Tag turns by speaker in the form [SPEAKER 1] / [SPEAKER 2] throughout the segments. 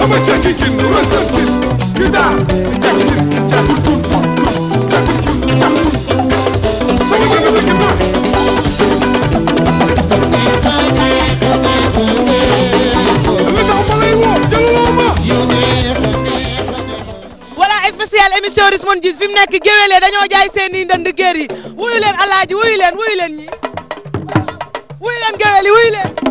[SPEAKER 1] sama cekki gin rës a gis ñu daas cekki gin cekki gin cekki gin cekki gin sama gin rës a gin naa li
[SPEAKER 2] tax ma lay woo jëluloo ma voilà spécial émission Rich Mon Djizz fi mu nekk géwél yi dañoo jaay seeni ndënd géer yi wuyu leen alaaji wuyu leen wuyu leen ñi wuyu leen géwél yi wuyu leen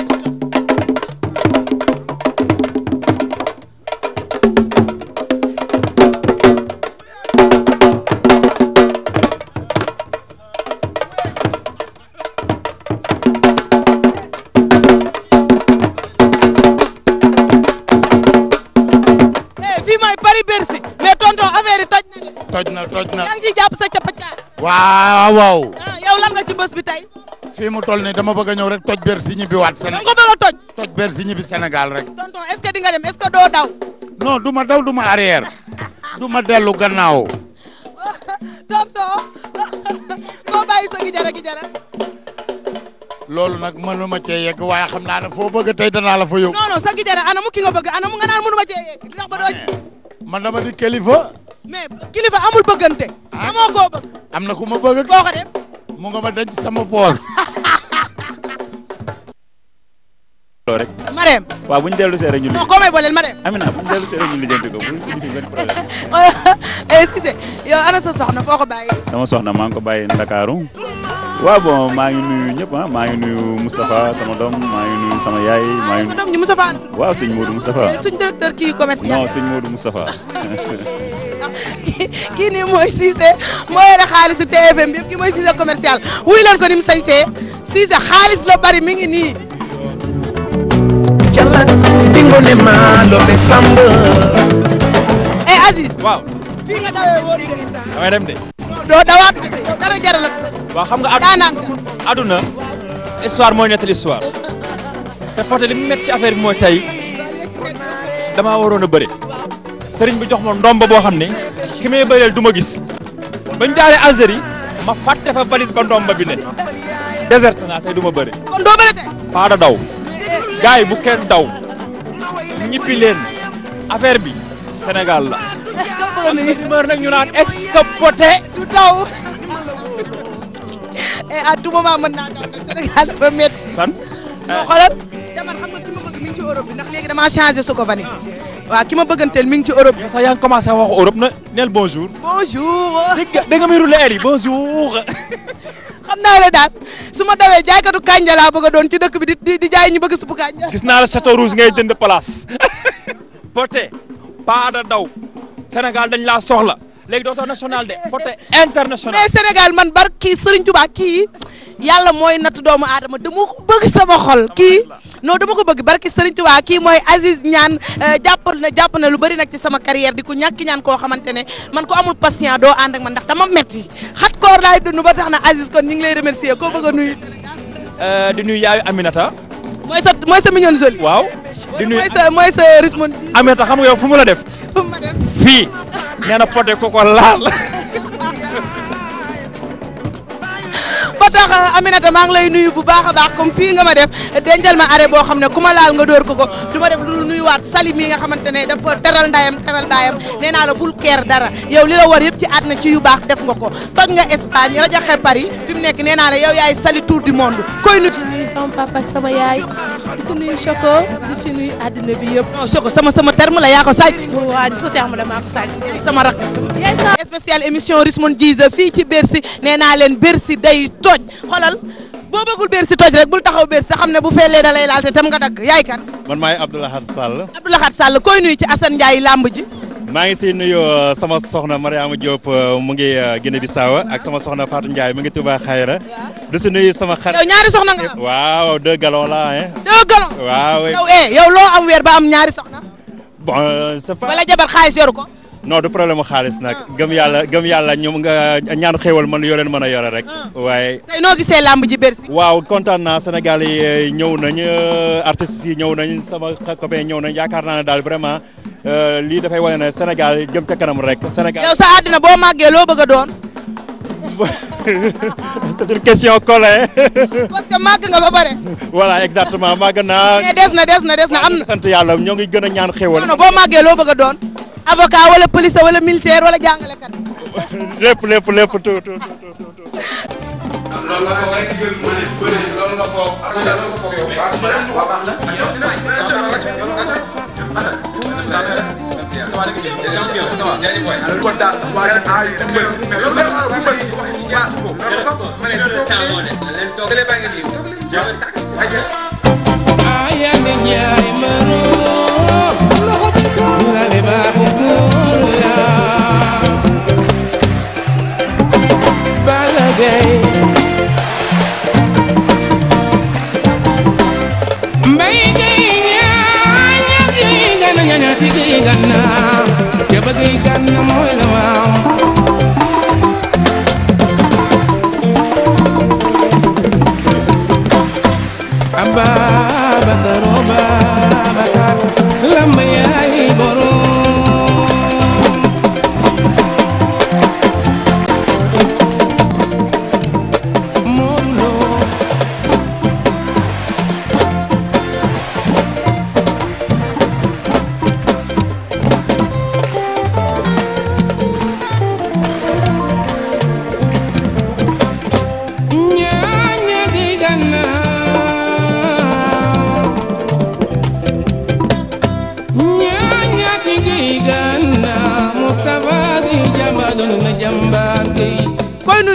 [SPEAKER 3] waaw waaw. Ah, yow lan nga ci bi tey. fii mu toll nii dama bëgg ñëw rek toj Bercy ñibbi waat Sénégal ko bëgg ñibbi Sénégal rek. tonton
[SPEAKER 2] est-ce que dem est-ce daw.
[SPEAKER 3] non du ma daw du ma arrière du ma dellu gannaaw.
[SPEAKER 2] tonton foo bàyyi sa gi jara gi
[SPEAKER 3] loolu nag mënuma cee yegg waaye xam naa ne foo bëgg tey danaa la fa yóbbu. non
[SPEAKER 2] non sa gi jara anamu ki nga bëgg anamu nga cee yegg
[SPEAKER 3] man dama di kilifa. mais kilifa amul bëggante. Ah. amoo koo bëgg. am na ku ma bëgg. koo ko def mu nga ma denc sama poos. rek Marème
[SPEAKER 4] waaw bu ñu dellu see rek ñu non koo may booleel Marème Amina bu ñu dellu see rek ñu lijjanti ko bu ñu fi benn problème
[SPEAKER 2] excusez yow ana sa soxna foo ko
[SPEAKER 4] bàyyi sama soxna maa ngi ko bàyyi Ndakaaru waaw bon maa ngi nuyu ñëpp ah maa ngi nuyu Moustapha sama doom maa ngi nuyu sama yaay maa ngi nuyu doom ñu Moustapha waaw sëñ Modou Moustapha suñ
[SPEAKER 2] directeur kii commercial non
[SPEAKER 4] sëñ Modou Moustapha
[SPEAKER 2] kii nii mooy Cissé moo yore xaalisu TFM yëpp kii mooy Cissé commercial wuy leen ko ni mu sañsee Cissé xaalis la bari mi ngi nii.
[SPEAKER 5] jàllale dingo ne maa lobe sàmb.
[SPEAKER 2] eh Aziz. waaw fii nga
[SPEAKER 5] dem de. doo dawaat dara jaral waaw xam nga aduna histoire mooy nettali histoire. te Fodé li mu ci affaire bi mooy tey damaa waroon a bëri. sëriñ bi jox ma ndomba boo xam ne. ki may bëreel du ma gis bañ jaaree ma fàtte fa valise ba ndomba bi naa tey du ma bëri. kon doo bëri daw gars yi daw ñippi leen affaire bi Sénégal la. mër nag ñu eh, mën naa
[SPEAKER 2] daw nag
[SPEAKER 5] Sénégal dafa métti. fan.
[SPEAKER 2] moo xoolal.
[SPEAKER 5] waaw ki ma bëgganteel mi ngi ci Europe. yow sax yaa ngi commencé wax Europe na neel bonjour.
[SPEAKER 2] bonjour. dégg nga dégg nga muy yi bonjour. xam naa la daal su ma dawee jaaykatu kànja laa bëgg a doon ci dëkk bi di di jaay ñu bëgg suppu kànja. gis
[SPEAKER 5] naa la Château Rouge ngay jënd place. Poté Paada daw Sénégal dañ laa soxla léegi dootoo national de Poté international. mais Sénégal man bar kii Serigne Touba kii yàlla mooy natt doomu
[SPEAKER 2] aadama dama ko bëgg xol kii. non dama ko bëgg barki Serigne Touba kii mooy Aziz ñaan euh, jàppal na jàpp na lu bari nag ci sama carrière di ko ñàkk ñaan koo xamante ne man ko amul patient doo ànd ak man ndax dama metti xat koor laay dund ba tax na Aziz kon ñu ngi lay remercier koo bëgg a nuyu.
[SPEAKER 5] Euh, di nuyu yaayu Aminata. mooy sa mooy sa mignonne jolie. waaw di nuyu mooy sa mooy sa Rismon. Aminata xam nga yow fu mu la def. fu mu ma fii nee na poté ko ko laal.
[SPEAKER 2] moo tax euh, Aminata maa ngi lay nuyu bu baax a baax comme fii nga ma def dencal ma arrêt boo xam ne ku ma laal nga dóor ko ko du ma def lu nuyuwaat Salim mi nga xamante ne dafa teral ndayam teral ndayam nee naa la bul keer dara yow li la war yëpp ci na ci yu baax def nga ko bag nga Espagne rajaxe Paris fi mu nekk nee naa la yow yaay Sali tour du monde koy nit sama papa ak sama yaay di si nuyu Choco di si nuyu àddina bi yëpp. non Choco sama sama la yaa ko sa terme la maa ko sàcc. sama rak. spécial émission Rich Mon Djizz fii ci Bercy nee naa leen Bercy day toj xolal boo bëggul Bercy toj rek bul taxaw Bercy xam ne bu feelee da lay laal te tam nga yaay kan.
[SPEAKER 4] man maay Abdoulaye Xat Sall. Abdoulaye
[SPEAKER 2] Xat Sall koy nuyu ci Assane Ndiaye làmb ji.
[SPEAKER 4] maa ngi siy nuyu euh, sama soxna Mariama Diop euh, mu ngi euh, Guinée Bissau ak sama soxna Fatou Ndiaye mu ngi Touba Khayra du si nuyu sama xar. yow ñaari soxna nga am. waaw deux la hein. deux galons. waaw yow
[SPEAKER 2] eh loo am weer ba am ñaari soxna.
[SPEAKER 4] bon sa pas. wala jabar xaalis yoru ko. non du problème xaalis nag ah. gëm yàlla gëm yàlla ñoom nga ñaan xéwal man yoo leen mën a yore rek. Ah. waaye tey noo gisee làmb ji Bercy. waaw kontaan naa Sénégal yi ñëw nañ artistes yi ñëw nañ sama copain ñëw nañ yaakaar naa ne daal vraiment. Euh, lii dafay wane ne Sénégal jëm ca kanam rek. Sénégal yow
[SPEAKER 2] sa àddina boo màggee loo
[SPEAKER 4] bëgg a doon. c'est une question collée. parce nga ba pare. voilà exactement màgg naa. mais des na des na des na am na. sant yàlla ñoo ngi gën a ñaan
[SPEAKER 2] xéwal. non non boo màggee loo bëgg a doon. avocat wala policier wala militaire wala jàngalekat.
[SPEAKER 5] lépp ça va dëgg la champion ça va jaajëf waay. alors kon daal waaye ay mbër mais loolu dafa war a mbër yi wax ci jaar ko loolu sax ma ne toog leen toog leen baa ngi nii toog leen jaay tak aja
[SPEAKER 1] ayane ñaay maro la le ba bu la bala gay African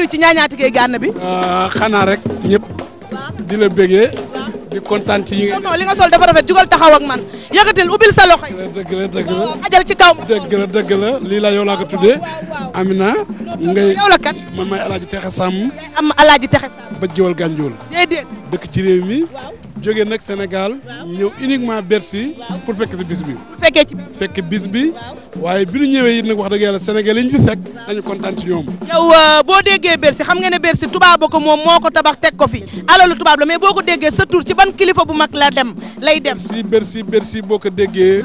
[SPEAKER 2] nuyu ci ñaañaati kee gànn bi.
[SPEAKER 3] Ah, xanaa rek ñëpp di la bëggee. di kontaan ci yi
[SPEAKER 2] non li nga sol dafa rafet jugal taxaw ak man yëkkatil ubbil sa loxo yi.
[SPEAKER 3] dëgg la dëgg la ajal ci kaw ma. dëgg la dëgg la lii la yow laa ko tuddee. Amina. ngay ma la kat may Alaaji Texe Sàmm. am Alaaji Texe ba jiwal gànjool. déedéet dëkk jóge nag Sénégal ñëw uniquement Bercy pour fekk si bis bi. fekk bis bi waaye bi ñu ñëwee it nag wax dëgg yàlla Sénégal yi ñu fi fekk dañu kontaan ci ñoom.
[SPEAKER 2] Euh, boo déggee Bercy xam nga ne Bercy tubaab ko moom moo ko tabax teg ko fi alalu tubaab la mais boo ko déggee sa tur ci ban kilifa bu mag la dem lay dem. Bercy Bercy bersi boo ko déggee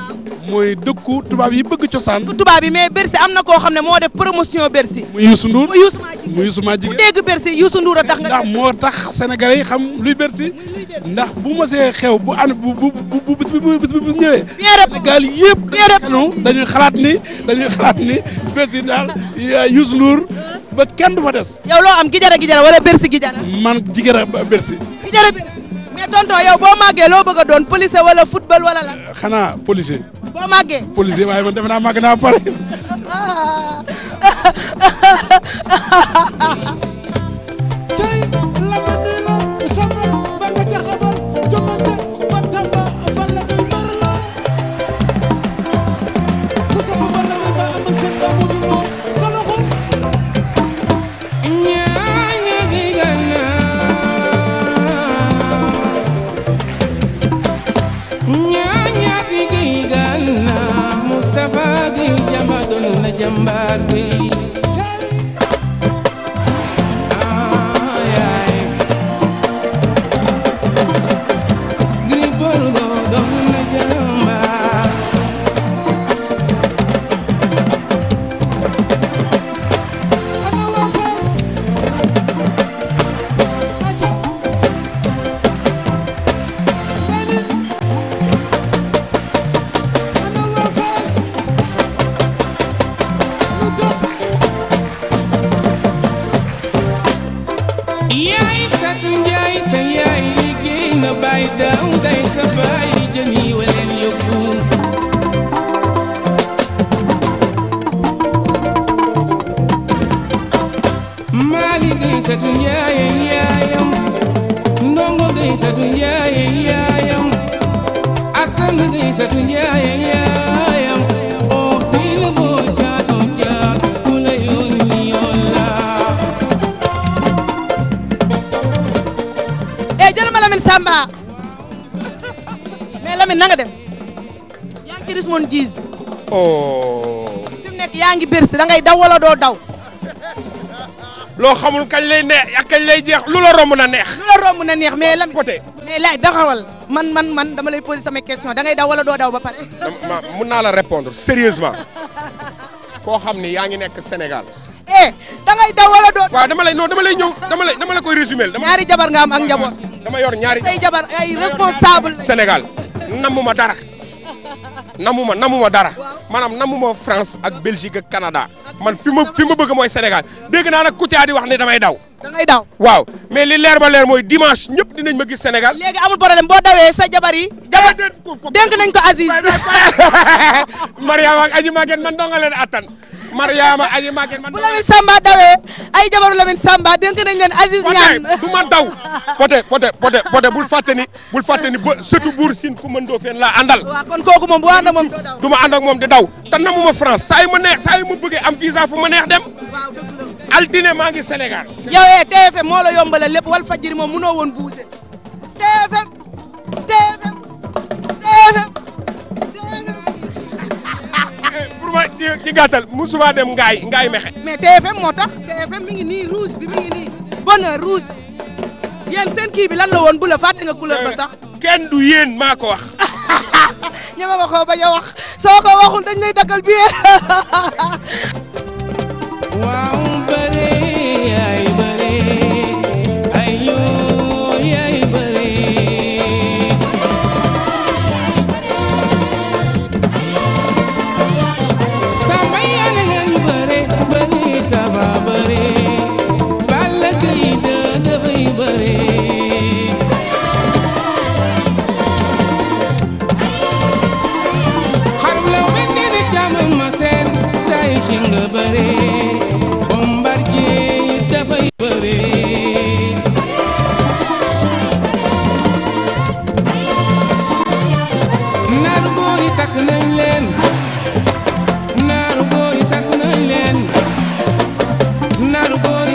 [SPEAKER 2] mooy dëkku tubaab yi bëgg cosaan. tubaab yi mais Bercy am na koo xam ne moo def promotion Bercy. mu
[SPEAKER 3] Youssou Ndour mu Youssou maa jigéen mu dégg Bercy Youssou Ndour a ndax moo tax sénégalais yi xam luy Bercy bu mosee xew bu an bu bu bu bis bi bu ñëwee. Sénégal yëpp dañuy xalaat ni dañuy xalaat ni Bercy daal Youssou Ndour ba kenn du fa des. yow loo am gijara gijara wala Bercy gijara. man jigéen Bercy. gijara
[SPEAKER 2] bi mais tonton yow boo màggee loo bëgg doon policier wala football wala la. Eh,
[SPEAKER 3] xanaa policier. boo màggee. policier waaye man defe naa màgg naa pare.
[SPEAKER 2] Ah.
[SPEAKER 5] loo xamul kañ lay neex ak kañ lay jeex lu la romb na neex. romb na neex mais lan
[SPEAKER 2] côté. mais laay daxawal man man man dama lay poser samay question da ngay daw wala doo daw ba pare.
[SPEAKER 5] mun naa la répondre sérieusement koo xam ni yaa ngi nekk Sénégal. eh da ngay daw wala doo. dama lay non dama lay ñëw dama lay dama la koy résumé. ñaari jabar nga am ak njaboot. dama yor ñaari. say jabar ay responsable. Sénégal namm ma dara. namuma namuma dara maanaam namuma France ak Belgique ak Canada man fi ma fi ma bëgg mooy Sénégal dégg naa nag Kouthia di wax ne damay daw. damay daw waaw mais li leer ba leer mooy dimanche ñëpp dinañ ma gis Sénégal. léegi amul problème boo dawee sa jabar yi. jabar dénk nañ ko Aziz. Mariama ak Aji Maguette man dong nga leen attan. Mariama aji Maguette man. bu Lamine Samba dawee ay la Lamine Samba dénk nañ leen Aziz Niane du ma daw pote pote pote pote bul fàtte ni bul fàtte ni ba surtout buur sin ku mën fen laa àndal kon kooku moom bu ànd moom du ma ànd ak moom di daw te namuma France saa ma neex saa ma bëggee am visa fu ma neex dem altine maa ngi Sénégal
[SPEAKER 2] yow ee eh, TFM moo la yombalal
[SPEAKER 5] lépp wal fajiri moom mënoo woon buuse TFM TFM TFM ci ci gàttal musuma dem ngaay ngaay mexe mais TFM moo tax
[SPEAKER 2] TFM mi ngi nii rouge bi mi ngi nii bonheur rouge yéen seen kii bi lan la woon bu la fàtte nga couleur ba sax euh, kenn du yéen maa ko wax ñama waxoo ba ya wax soo ko waxul dañ lay daggal bi waaw Pero por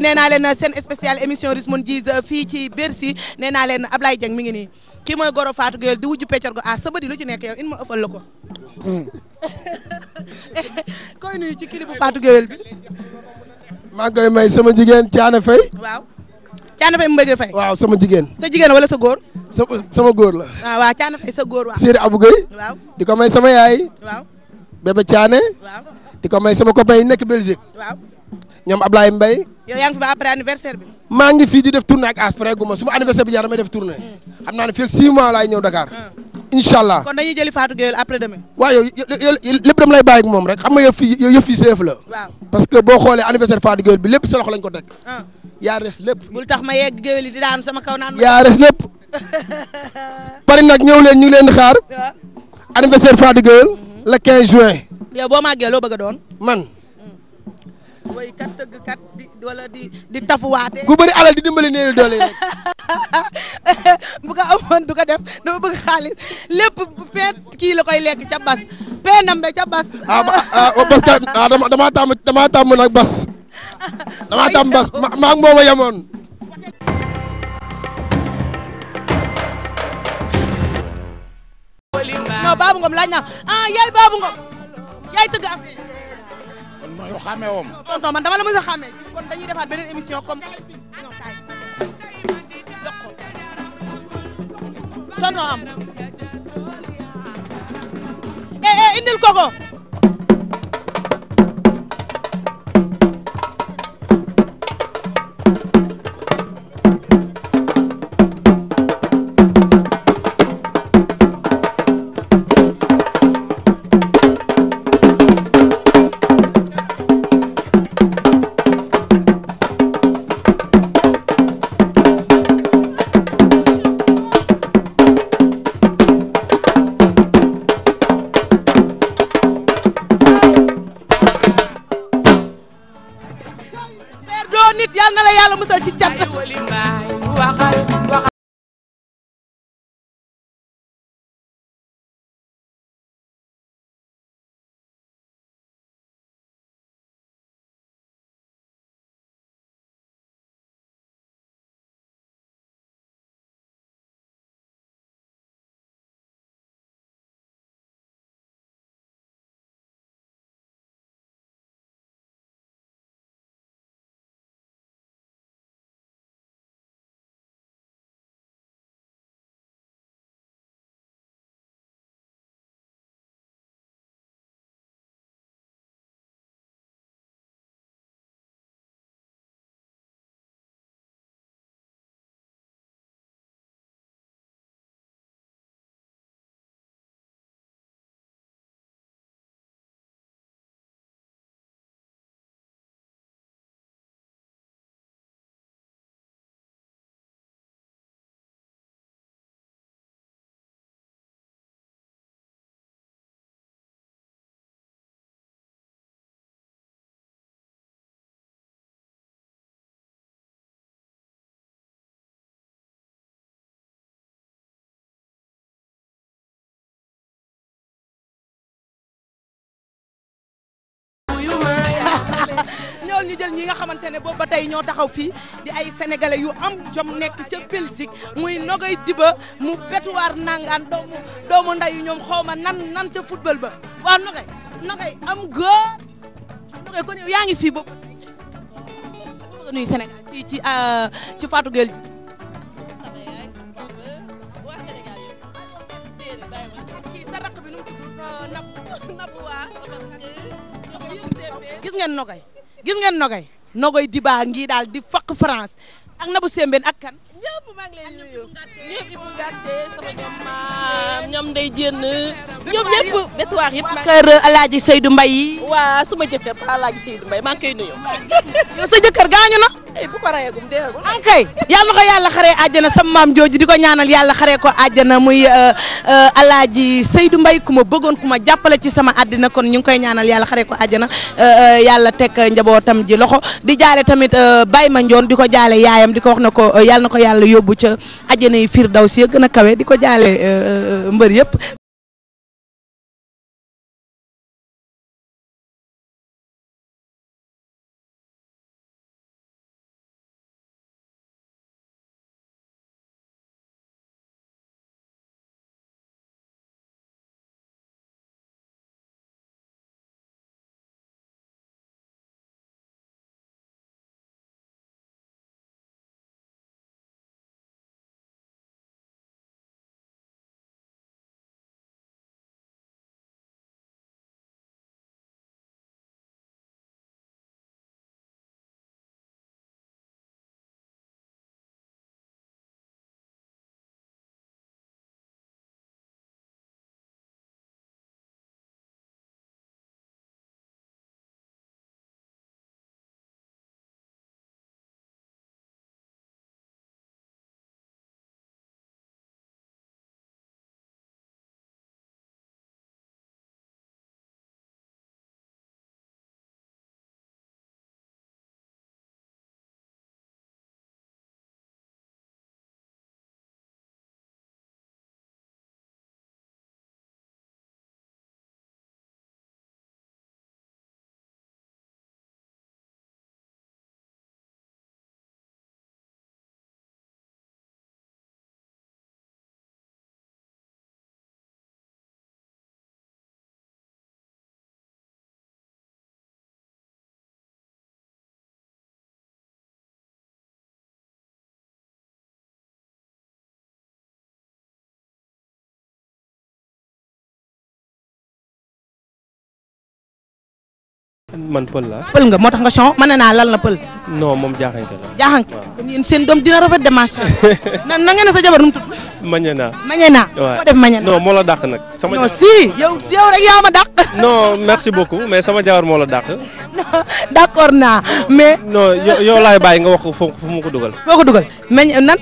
[SPEAKER 2] nee naa leen seen spécial émission Rich Mon Djizz fii ci Bercy nee naa leen Ablaye Dieng mi ngi nii kii mooy goro Fatou Gueye di wujju peccar go ah sabadi lu ci nekk yow in ma ëffal la ko hmm. koy nuyu ci clip faatu Fatou bi
[SPEAKER 5] maa ngi koy may sama jigéen Thiané Faye waaw Thiané waaw sama jigéen sa jigéen wala sa góor sa sama góor la ah,
[SPEAKER 2] waaw waaw Thiané góor waaw Siri Abou
[SPEAKER 5] Gueye di ko may sama yaay waaw bébé Thiané waaw di ko may sama ko yi nekk Belgique waaw ñoom Ablaye Mbaye
[SPEAKER 2] yow yaa ngi fi ba après anniversaire bi.
[SPEAKER 5] maa ngi fii di def tournée ak aspiré gu ma su ma anniversaire bi jaar damay def tournée. xam naa ne fii ak 6 mois laay ñëw Dakar. Ah. incha
[SPEAKER 2] kon dañuy jëli Fatou Gueye
[SPEAKER 5] waaw yow lépp dama lay bàyyi moom rek xam nga yëf yi yëf seef la. waaw parce que boo xoolee anniversaire Fatou Gueye bi lépp sa loxo lañ ko teg. Ah. yaa res lépp. bul nag ñëw ñu leen xaar. anniversaire Fatou Gueye le juin.
[SPEAKER 2] yow boo màggee loo bëgg a doon.
[SPEAKER 5] man mm. woykat
[SPEAKER 2] tëggkat di wala di di tafuwaate ku bëri alal di dimbali néew doole rek bu ko amoon du def dafa bëgg xaalis lépp peet kii la koy lekk ca bas peenam be ca bas ah parce que
[SPEAKER 5] ah, oh, ah dama damaa tàmm bas damaa tàmm bas maa ngi mooma yemoon
[SPEAKER 2] non Babou Ngom laaj naa ah yaay Babou Ngom yaay tëgg affaire non yow xàmmee tonton man dama la mës a xàmmee kon dañuy defaat beneen émission comme. tonton am. eh, eh indil koko. père doo nit yàlla na la yàlla musal ci cat. loolu jël ñi nga xamante ne boobu ba tey ñoo taxaw fii di ay sénégalais yu am jom nekk ca Belgique muy Nogay Diba mu Bétoir Nangaan doomu doomu ñoom xaw nan nan ca football ba waaw Nogay Nogay am góor Nogay kon yaa ngi fii boobu nga nuyu Sénégal ci ci euh, ci Fatou Gueye gis ngeen Nogay gis ngeen nogay nogay dibaa ngi daal di faq France ak Nabou Sembène ak kan. ñëpp maa ngi ñoom maam day jénn ñoom ñëpp bétuwaar yi waa sama jëkkër sa jëkkër gaañu na ay eh, bu ko rayagum deewagul an ah, na sama maam jooju di ko ñaanal yàlla xaree ko àjjana muy euh, euh, Alaaji Seydou Mbaye ku ma bëggoon ku ma jàppale ci sama àddina kon ñu ngi koy ñaanal yàlla xaree ko àjjana euh, yàlla teg njabootam ji loxo di jaale tamit Baye Mandione di ko jaale yaayam yaayam di ko wax na ko yàlla na ko yàlla yóbbu ca àjjana yi fiir daw si ya gën a kawe di ko jaale euh, euh, mbër yëpp
[SPEAKER 1] man pël la pël nga moo
[SPEAKER 5] tax nga son mën naa lan la pël. non moom jaaxanke la.
[SPEAKER 2] jaaxanke kon yéen seen doom dina rafet de macha na na ngeen ne sa jabar nu mu tudd.
[SPEAKER 5] mañana mañana. waaw ko def mañana. non moo la dàq nag. sama non si
[SPEAKER 2] yow yow ma dàq.
[SPEAKER 5] non merci beaucoup mais sama jabar moola la dàq.
[SPEAKER 2] d' accord naa mais.
[SPEAKER 5] non yow laay bàyyi nga wax ko foo mu ko dugal.
[SPEAKER 2] foo ko dugal mañ nan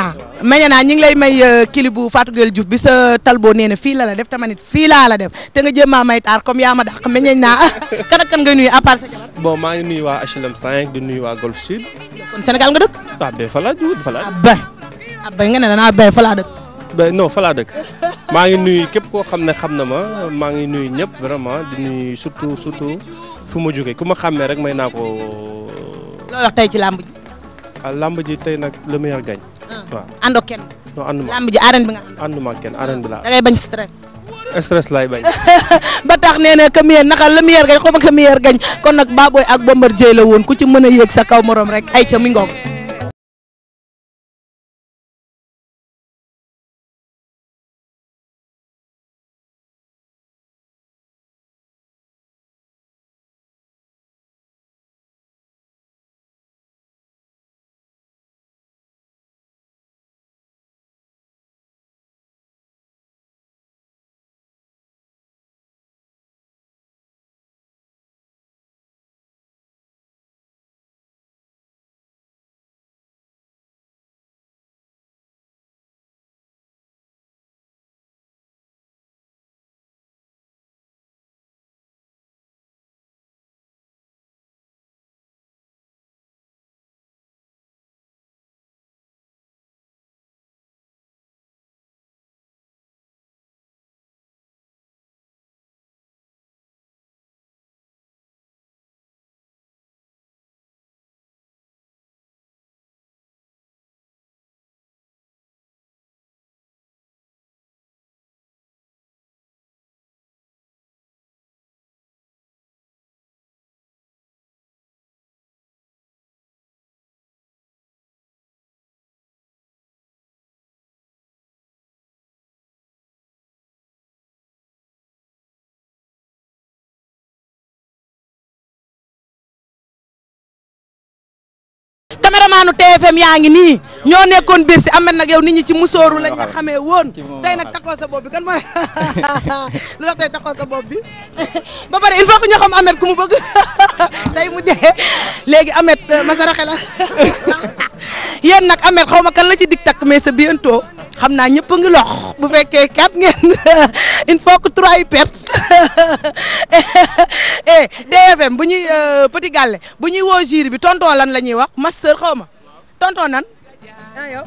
[SPEAKER 2] naa Mañana ñi ngi lay may kilibu euh, Fatou Gueye Diouf bi sa talboo nee na fii la la def tamanit fii laa la def te nga jéem a may taar comme yaa ma dàq meññ naa kan kan ngay nuyu à part sa jabar.
[SPEAKER 5] bon maa ngi nuyu waa HLM 5 di nuyu waa Golf Sud. kon Sénégal nga dëkk. ah bee fa laa juut fa laa. abay abay nga ne danaa bay fa laa dëkk. bay non dëkk maa ngi nuyu képp koo xam ne xam na ma maa ngi nuyu ñëpp vraiment di nuy surtout surtout fu ma jógee ku ma xàmmee rek may naa ko. Euh,
[SPEAKER 2] loo wax tey ci làmb ji.
[SPEAKER 5] ah ji tey nag le meilleur gagne. waaw àndoo kenn. non ànduma bi nga ànd. ànduma ak kenn arène bi laa. da ngay bañ stress. stress laay bañ.
[SPEAKER 2] ba tax na ka miyeer naka la miyeer gañ xaw ma ka miyeer gañ kon nag Baboy ak Bombardier la woon ku ci mën a yéeg sa kaw moroom rek ay ca mi ngoog. maa caméramanu TFM yaa ngi nii ñoo nekkoon biir si amet nag yow nit ñi ci musóoru lañ nga xamee woon tey nag takkoo sa bopp bi kan mooy lu tax tey takkoo sa bopp bi ba pare il faut que ñu xam amet ku mu bëgg tey mu dee léegi amet euh, masaraxe la yéen nag amet xaw ma kan la ci dig takk sa bientôt xam naa ñëpp ngi lox bu fekkee quatre ngeen il faut woowee DFM bu ñuy euh, Petit bu ñuy woo jur bi tonton lan la ñuy wax master xaw ma tonton nan ah yow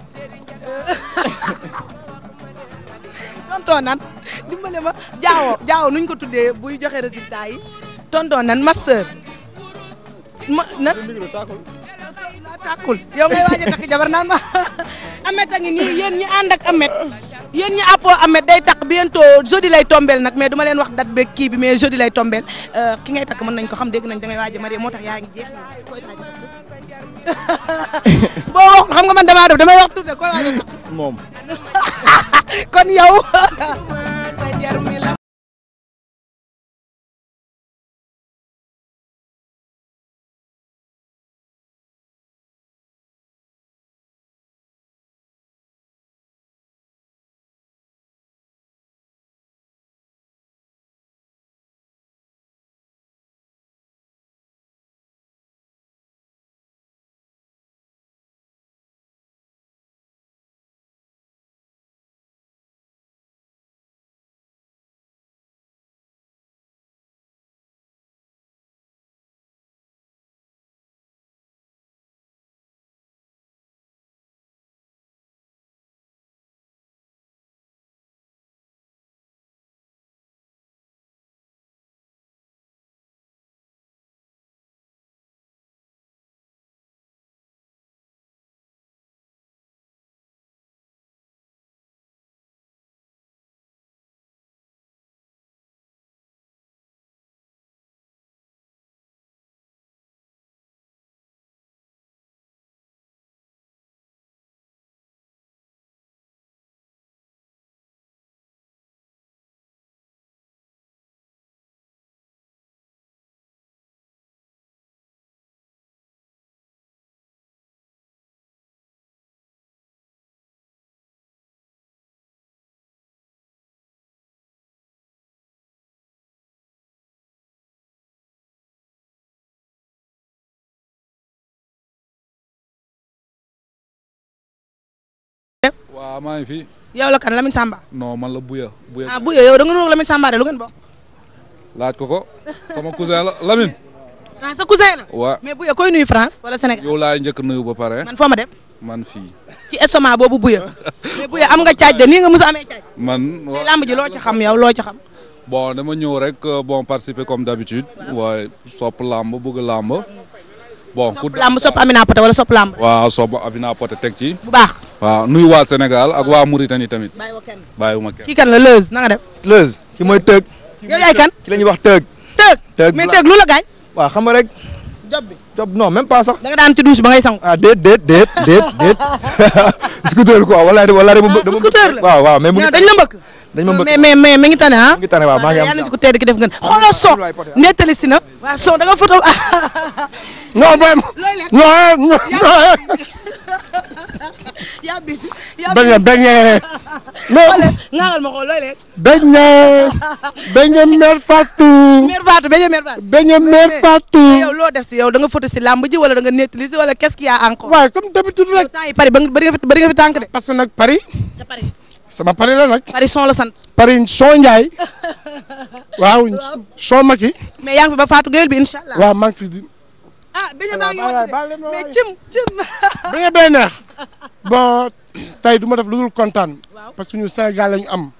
[SPEAKER 2] tonton nan dimbale ma jaawo jaawo nuñ ko tuddee buy joxe résultat yi tonton nan master ma nan tàkkul yow ngay waaj a jabar naan ma amet a ngi ñi ànd amet yéen ñi àppoo Ameth day takk bientôt jeudi lay tombeel nag mais duma leen wax date beeg kii bi mais jeudi lay tombeel euh, ki ngay takk mën nañ ko xam dégg nañ dangay waaj a marié moo tax yaa ngi jeex boo wax xam nga man damaa def damay wax tuuti ko moom kon yow waaw maa ngi fi. yow la kan Lamine Samba.
[SPEAKER 5] non man la Buya. Buya ah
[SPEAKER 2] Buya nga nuyoog Lamine Samba de lu ngeen
[SPEAKER 5] laaj ko sama cousin la Lamine.
[SPEAKER 2] ah sa cousin la. waaw mais Buya koy nuyu France wala Sénégal. yow laay njëkk nuyu ba pare. man foo ma dem. man fii. ci estomac boobu Buya. mais Buya am nga caaj de nii nga mos a amee caaj.
[SPEAKER 5] man waaw
[SPEAKER 2] lamb ji loo xam yow loo ci xam.
[SPEAKER 5] bon dama ñëw rek euh, bon participer comme d'habitude. waaye sopp lamb bëgg lamb.
[SPEAKER 2] bon ku lamb sopp Amina Poté wala sopp lamb. waaw sopp Amina Poté teg ci. bu baax waaw nuyu waa Sénégal ak waa Mauritanie tamit. bàyyiwuma la Leuz na nga def. Leuz la ñuy wax tëg. lu la gaañ. waaw xam nga
[SPEAKER 5] job bi job non même pas sax. da nga daan ci douche ba ngay sangu. ah déet déet déet déet déet. scooter quoi walaay walaay. waaw ah, la waaw waaw mais mu. dañ ma mbëkk mais mais mi ngi tane ah. mi ngi tane waaw maa ngi am yàlla ko
[SPEAKER 2] tedd ki def ngeen xoolal soo nettali si na. waaw soo da nga photo.
[SPEAKER 3] non même. non
[SPEAKER 2] yaa bi yaa bi beñe beñe.
[SPEAKER 3] naagal ma ko looy lekk. beñe
[SPEAKER 2] beñe mer Fatou. mer Fatou loo def si yow da nga photo si làmb ji wala da nga nettali si wala qu'est-ce a encore. waaw comme d'habitude rek. temps yi Paris ba nga fi tànk de. parce que nag Paris. sama pari la nag. pari son la sant. pari son Ndiaye. waaw
[SPEAKER 3] son Maki. mais yaa ngi fi ba Fatou Gueye bi incha allah. waaw maa fi di. Ah, mais ma def lu dul kontaan. parce que ñu Sénégal la ñu am.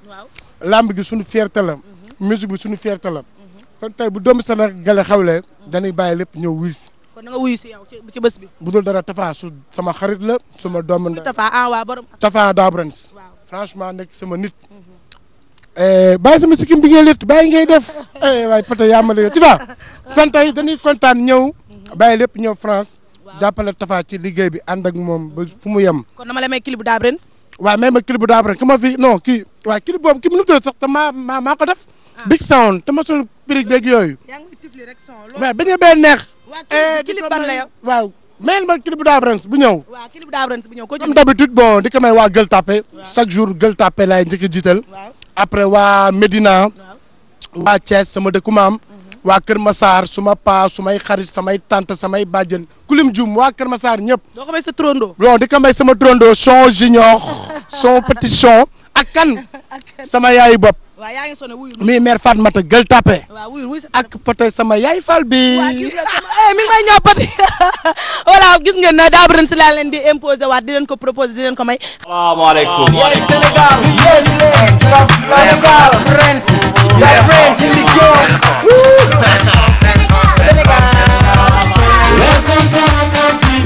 [SPEAKER 3] lamb gi suñu fierté la. Mhm. musique bi sunu fierté la. Mhm. kon tey bu doomu Sénégal xawlee. dañuy bàyyi lépp ñëw wuyu si. kon ci bés bi. bu dul dara Tafa su sama xarit la. suma doom Tafa ah waa franchement nekk sama nit. Eh, bàyyi sama sikkim bi ngay létt bàyyi ngay def eh, waaye peut être yaa ma lay tu vois kon tey dañuy kontaan ñëw bàyyi lépp ñëw France jàppale Tafa ci liggéey bi ànd ak moom ba fu mu yem.
[SPEAKER 2] kon dama lay may clip bu Dabrène.
[SPEAKER 3] waaw may ma fi non kii waaw clip ki mu tudd sax te maa maa ko def. Ah. big sound te ma sol périque beeg yooyu. yaa ngi tifli rek son loolu. waaw a mel ma clip d'Abrantes bu ñëw.
[SPEAKER 2] waaw clip d'Abrantes bu ñëw ko comme
[SPEAKER 3] d'habitude bon di ko may waa Gueule Tapée. chaque jour Gueule Tapée laay njëkk a jiital. après waa Médina. waa Thiès sama dëkku maam. Mhm. waa Kër Massar suma paa sumay xarit samay tante samay bàjjen kulim jum waa Kër Massar ñëpp. doo ko may sa trondo. bon di ko sama trondo son junior son petit son ak kan. sama yaayu bopp. waaw yaa ngi sonné wuyul mi mère Fatmata Gueule Tapée. waaw ak peut sama yaay Fall bi waaw eh, mi ngi may ñoppati
[SPEAKER 2] voilà gis ngeen ne daa bëri si laa leen di imposé waat di leen ko proposé di leen ko may. Sénégal Sénégal prince. yaay prince in the job.
[SPEAKER 1] Sénégal.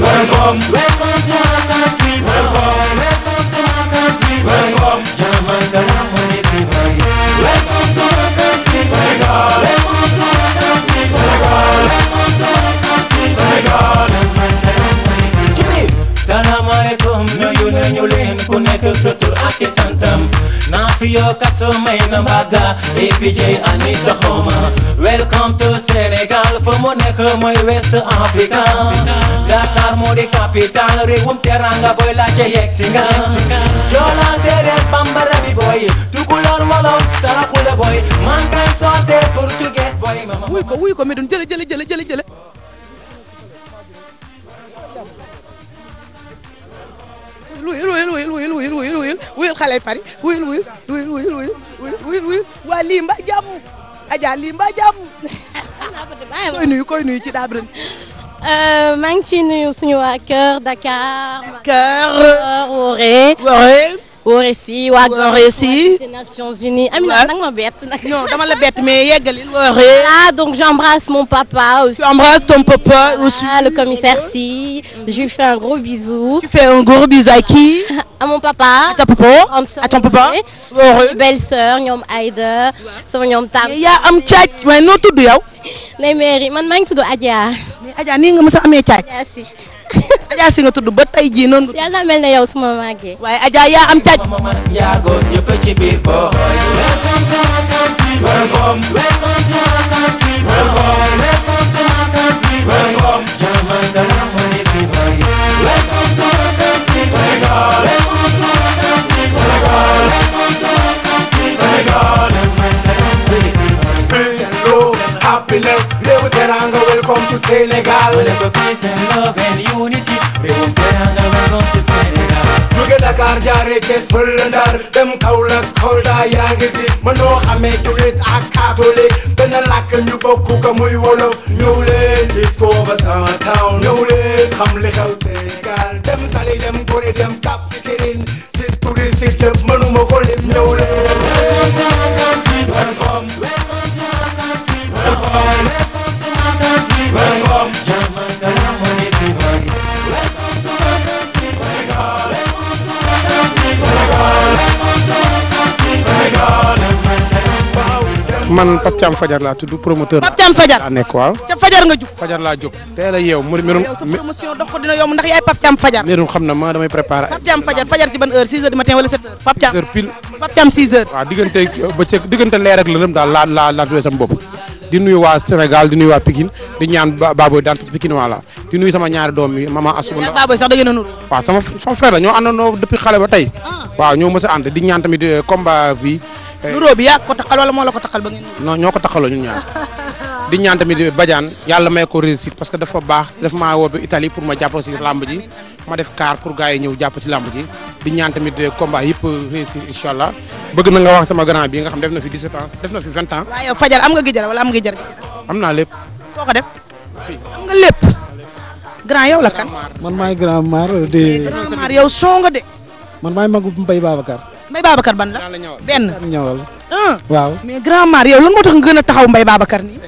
[SPEAKER 1] welcome
[SPEAKER 4] Seyna Mbaga EPJ Anissa Xoma welcome to Sénégal fa mu mooy West Africa Dakar moo di capital réewum teranga booy laajte yegg si nga Joola séeréer bambara bi booy tukulóor wolof saraxule booy mankan
[SPEAKER 2] soose portugais booy mama wuy ko wuy ko mi dun jële jële jële jële jële wuyul wuyul wuyul wuyul wuyul wuyul wuyul wuyul wuyul wuyul wuyul wi wi waa lii mbaa jàmm Adja lii koy nuyu koy nuyu ci daab ren euh, maa ngi ciy nuyu suñu waa Kër Dakar. Kër Woré Woré Oressi waa Oressi. Nations Unies Amina nag ma bett nag. non dama la bett mais yeggali. voilà ah, donc j'embrasse mon papa aussi. tu embrasses ton papa ah, aussi. le commissaire si. je lui fais un gros bisou. tu fais un gros bisou à qui. à mon papa. ta papa à ton papa. belle sœur ñoom Aïda. sama ñoom tànn. yaa am càcc waaye noo tudd yow. Ndeye Mary man maa ngi tudd Adja. mais nga mës a amee càcc. Adja si nga tudd ba tey jii noon yàlla mel ne yow su ma waaye Adja yaa am
[SPEAKER 4] Déwante ànd ba ngoonte Sénégal. jóge Ndar dem Kaolack Kolda yaa ngi si mënoo xamee jullit ak catholique benn làkk ñu bokk ko muy wolof. ñëw leen disco ba sama town ñëw leen xam li xew Sénégal dem Saly dem Gorée dem Cap Skirring site touristique yëpp mënuma ko lim ñëw leen.
[SPEAKER 3] man Pape Thiam Fajar laa tudd promoteur. Pape Thiam Fajar laa jóg Fajar yeew mu mbirum yow sa promotion dox ko dina yomb ndax xam na ma damay préparer. Pape Thiam Fajar Fajar ban heure 6 heures du matin wala 7 heures. di nuyu waa Sénégal di nuyu waa Pikine di ñaan Baboy daan Pikine wala di nuyu sama ñaari doom yi maman Asou. ndax Baboy sax da ngeen a nuru. sama sama la ñoo àndandoo depuis xale ba tey. Ah. waaw ñoo mës a di ñaan tamit euh, combat bi. Eh. nuróo bi yaa ko taxal wala moo la ko taxal ba ngeen. ñoo ko taxaloo ñun ñaar di ñaan tamit bajaan yàlla may ko réussite parce que dafa baax daf maa woo ba pour ma jàpp si làmb ji ma def kaar pour gars yi ñëw jàpp ci làmb ji di ñaan tamit combat yëpp réussir incha allah bëgg na nga wax sama grand bi nga xam def na fi 17 ans def na fi 20 ans.
[SPEAKER 2] waaw yow Fajar am nga gijjar wala am nga gijjar. am naa lépp. foo ko fii am nga lépp.
[SPEAKER 3] grand yow la kan. man maay grand Mar de. grand Mar
[SPEAKER 2] yow soo nga de. man maay magu Mbaye Babacar. Mbaye Babacar ban la benn ñëwal waaw mais grand mère yow lan moo tax nga gën a taxaw Mbaye Babacar nii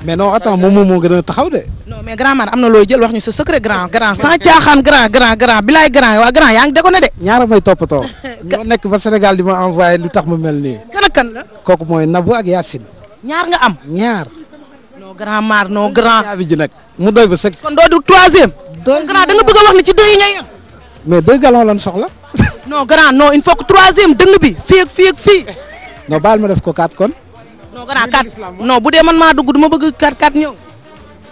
[SPEAKER 2] mais non attends moom moom moo gën a taxaw de non mais grand mère am na looy jël wax ñu sa secret grand grand sans caaxaan grand grand grand bilaay grand waa grand yaa ngi déggoo ne de
[SPEAKER 3] ñaara may toppatoo ñoo nekk ba Sénégal di ma envoyé lu tax mu mel nii kan ak kan la kooku mooy Nabou ak Yacine ñaar nga am ñaar non grand mère non grand yaa bi ji nag mu doy ba sëkk kon doo
[SPEAKER 2] du troisième grand da nga bëgg a wax ne ci deux yi ngay am
[SPEAKER 3] mais deux galons
[SPEAKER 2] non grand no il faut que troisième dëng bi fi ak fii baal ma def ko quatre kon. non grand quatre non bu dee man maa dugg dama bëgg quatre quatre ñëw.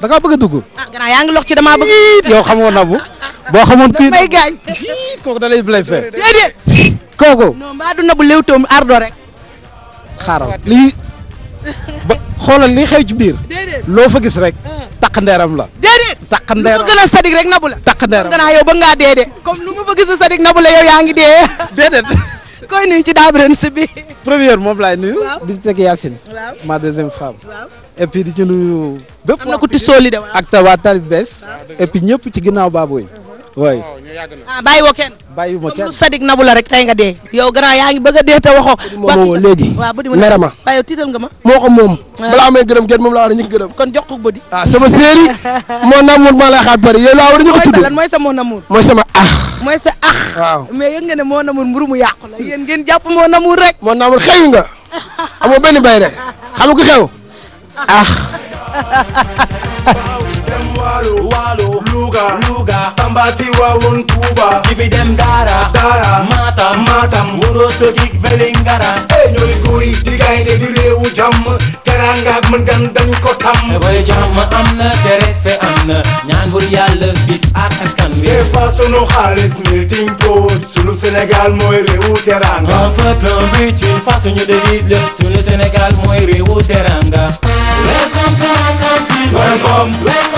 [SPEAKER 2] da ngaa bëgg a dugg. ah grand yaa ngi lox ci damaa bëgg. yow xamoo nabu boo xamoon kuy. damay gaañ kooku da lay blessé. déedéet. kooku. non mbaa du nabu léwtoom ardo rek. xaaral lii
[SPEAKER 3] ba xoolal li xew ci biir. loo fa gis rek. takk ndeeram la. taqandeer lu ma gën a sadik rek nabu la. taqandeer gannaaw yow ba
[SPEAKER 2] ngaa dee de comme lu ma fa gis sadik nabu la yow yaa ngi
[SPEAKER 3] dee. déedéet. koy nuyu ci Daabéren si bi première moom lay nuyu. di teg Yacine. ma deuxième femme. et di ci nuyu. bépp am na ku ti solide ak tawaat tali bees. et puis ñëpp ci ginnaaw baaboo yi waay oh,
[SPEAKER 2] ah bàyyi woo kenn. bàyyi ma kenn sadik nabu la rek tey nga dee. yow grand yaa ngi bëgg a dee te waxoo. moom léegi mer ma. waaw yow tiital nga ma.
[SPEAKER 5] moo ko moom. Ah. balaa may gërëm kenn moom laa war a ñu gërëm. kon jox ko bëdi. ah sama séeri. mon amour maa lay xaar bëri yow laa war a ñu ko tudd.
[SPEAKER 2] mooy sa mon amour. mooy sama ah. mooy sa ah. waaw mais yëg nga ne mon amour mburu mu yàqu la yéen ngeen jàpp mon amour rek. mon amour xëy nga amoo benn bay de xam nga ko xew
[SPEAKER 4] ah. waalo waalo luga luga tambati wawon tuba jibi dem dara dara matam matam wuro sogik velingara e ñooy góori di gaynde di réewu jàmm teraanga mën gan dañ ko tam boy jàmm am na te respect am na ñaan bur yàlla bis ak askan wi c'est fa sunu xaalis melting pot sunu Sénégal mooy réewu teraanga un peuple un but une fois suñu devise la sunu Sénégal mooy réewu teraanga welcome to our country welcome welcome